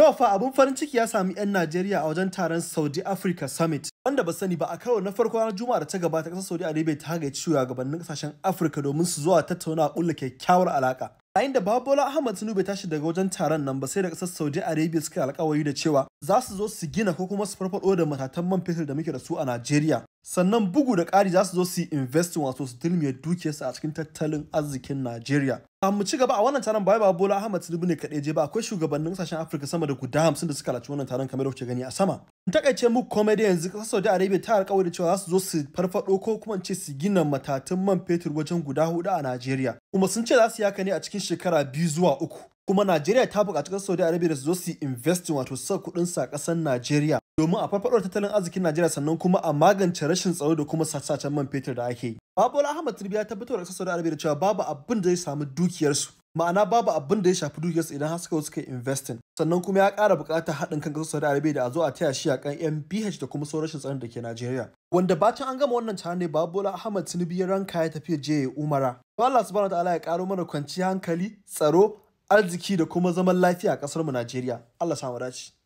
To fa abun farin ciki ya sami 'yan Najeriya a wajen taron Saudi Africa Summit wanda ba sani ba a kawo na farko ranar Juma'a da ta gabata ƙasar Saudi Arabia ta gayyaci gabanin ƙasashen Afirka domin su zuwa tattauna a ƙulla kyakkyawar alaƙa. a inda babu Bola Ahmad Tinubu tashi daga wajen taron nan ba sai da kasar Saudi Arabia suka alkawari da cewa za su zo su gina ko kuma su farfado da matatan man fetur da muke da su a Najeriya. Sannan bugu da ƙari za su zo su investin wato su dulmiya dukiyarsu a cikin tattalin arzikin Najeriya. A mu ci gaba a wannan taron bai ba Bola Ahmad Tinubu ne kaɗai je ba akwai shugabannin kasashen Afirka sama da guda hamsin da suka halarci wannan taron kamar da kuke gani a sama. takaice muku komai da yanzu kasar Saudi Arabia ta da cewa za su zo su farfado ko kuma ce su gina matatun man fetur wajen guda hudu a Najeriya kuma sun ce za su yaka ne a cikin shekara biyu zuwa uku kuma Najeriya ta buƙaci kasar Saudi Arabia da su zo su investin wato sa kuɗin sa ƙasar Najeriya domin a farfado tattalin arzikin Najeriya sannan kuma a magance rashin tsaro da kuma sace man fetur da ake yi Babu Ahmad Tinubu ya tabbatar da kasar Saudi Arabia da cewa babu abin da zai samu dukiyarsu ma'ana babu abin da ya shafi dukiyarsu idan har suka suka investing sannan kuma ya ƙara buƙatar haɗin kan ƙasar Arabiya da a zo a taya shi a kan MPH da kuma sauran rashin da ke Najeriya wanda bacin an gama wannan tare ne Babola Ahmad Tinubu ya ranka ya tafi je Umara to Allah subhanahu wataala ya ƙaro mana kwanciyar hankali tsaro arziki da kuma zaman lafiya a ƙasar mu Najeriya Allah samu dace